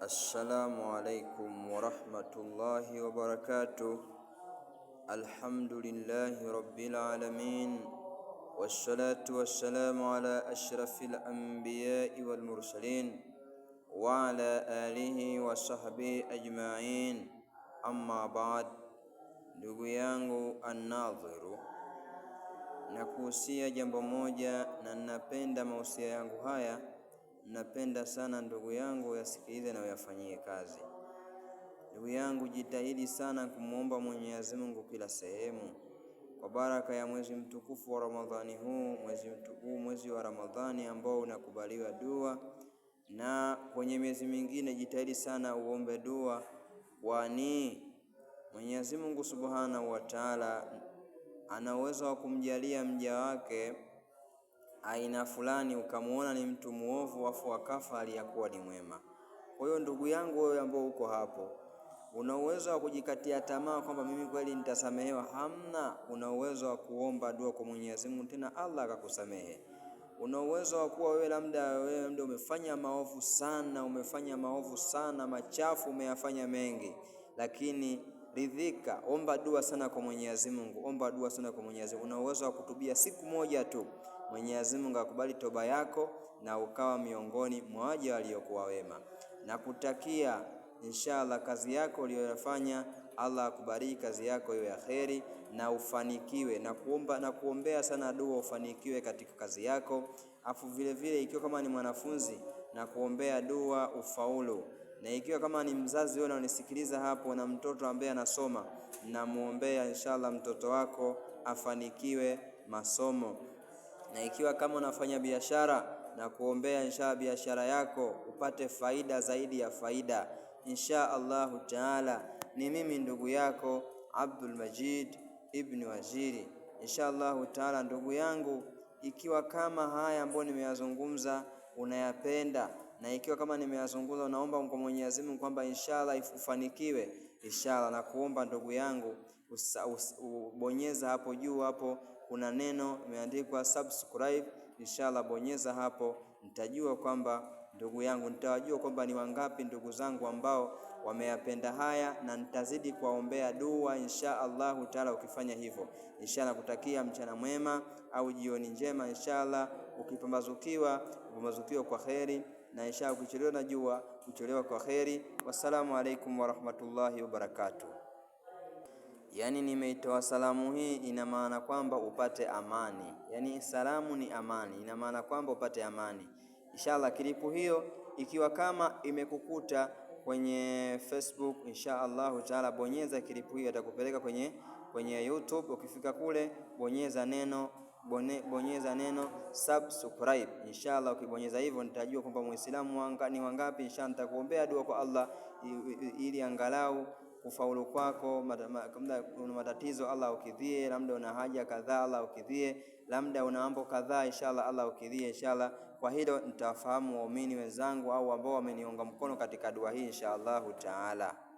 Assalamu alaikum warahmatullahi wabarakatuh. Alhamdulillahi rabbil alamin wassalatu wassalamu ala ashrafil anbiyai wal mursalin wa ala alihi wa sahbihi ajma'in. Amma baad, ndugu yangu Anadhiru, nakuhusia jambo moja na napenda mahusia yangu haya Napenda sana ndugu yangu yasikilize na uyafanyie kazi. Ndugu yangu, jitahidi sana kumwomba Mwenyezi Mungu kila sehemu, kwa baraka ya mwezi mtukufu wa Ramadhani huu, mwezi mtukufu, mwezi wa Ramadhani ambao unakubaliwa dua, na kwenye miezi mingine jitahidi sana uombe dua, kwani Mwenyezi Mungu Subhanahu wa Ta'ala ana uwezo wa kumjalia mja wake aina fulani, ukamuona ni mtu muovu, afu akafa aliyakuwa ni mwema. Kwa hiyo ndugu yangu wewe ambao uko hapo, una uwezo wa kujikatia tamaa kwamba mimi kweli nitasamehewa? Hamna. Una uwezo wa kuomba dua kwa Mwenyezi Mungu, tena Allah akakusamehe. Una uwezo wa kuwa wewe labda wewe ndio umefanya maovu sana, umefanya maovu sana machafu, umeyafanya mengi, lakini ridhika, omba dua sana kwa Mwenyezi Mungu, omba dua sana kwa Mwenyezi Mungu. Una uwezo wa kutubia siku moja tu Mwenyezi Mungu akubali toba yako na ukawa miongoni mwa waja waliokuwa wema. Nakutakia inshallah kazi yako uliyofanya, Allah akubariki kazi yako iwe ya kheri na ufanikiwe na kuomba na kuombea sana dua ufanikiwe katika kazi yako. Afu vile vile ikiwa kama ni mwanafunzi na kuombea dua ufaulu, na ikiwa kama ni mzazi wewe unanisikiliza hapo na mtoto ambaye anasoma, namuombea inshallah mtoto wako afanikiwe masomo. Na ikiwa kama unafanya biashara na kuombea insha biashara yako upate faida zaidi ya faida, insha Allahu taala. Ni mimi ndugu yako Abdul Majid ibn Waziri, insha Allahu taala. Ndugu yangu, ikiwa kama haya ambayo nimeyazungumza unayapenda na ikiwa kama nimeyazungumza unaomba kwa Mwenyezi Mungu kwamba inshallah ifanikiwe, inshallah na kuomba ndugu yangu, us, ubonyeza hapo juu hapo kuna neno imeandikwa subscribe, inshallah bonyeza hapo, nitajua kwamba ndugu yangu, nitawajua kwamba ni wangapi ndugu zangu ambao wameyapenda haya, na nitazidi kuwaombea dua insha Allahu taala. Ukifanya hivyo, inshallah kutakia mchana mwema au jioni njema inshallah. Ukipambazukiwa, upambazukiwa kwa kheri, na inshallah ukichelewa na jua, kuchelewa kwa kheri. Wassalamu alaikum warahmatullahi wabarakatuh yaani nimeitoa salamu hii, ina maana kwamba upate amani. Yaani salamu ni amani, ina maana kwamba upate amani. Inshallah kilipu hiyo ikiwa kama imekukuta kwenye Facebook, insha allahu taala, bonyeza kilipu hiyo, atakupeleka kwenye kwenye YouTube. Ukifika kule, bonyeza neno bone, bonyeza neno subscribe. Inshallah, ukibonyeza hivyo nitajua kwamba muislamu wanga, ni wangapi. Inshallah, nitakuombea dua kwa Allah ili angalau kufaulu kwako, labda una matatizo Allah ukidhie, labda una haja kadhaa Allah ukidhie, labda una mambo kadhaa inshallah Allah ukidhie inshallah. Kwa hilo nitafahamu waumini wenzangu au ambao wameniunga mkono katika dua hii inshallah Allahu taala.